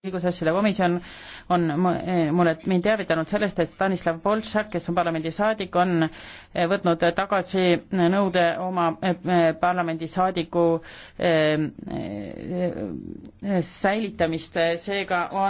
õigusasjade komisjon on eh, mulle, mind teavitanud sellest, et Stanislav Boltšak, kes on parlamendisaadik, on eh, võtnud tagasi nõude oma eh, parlamendisaadiku säilitamist, seega on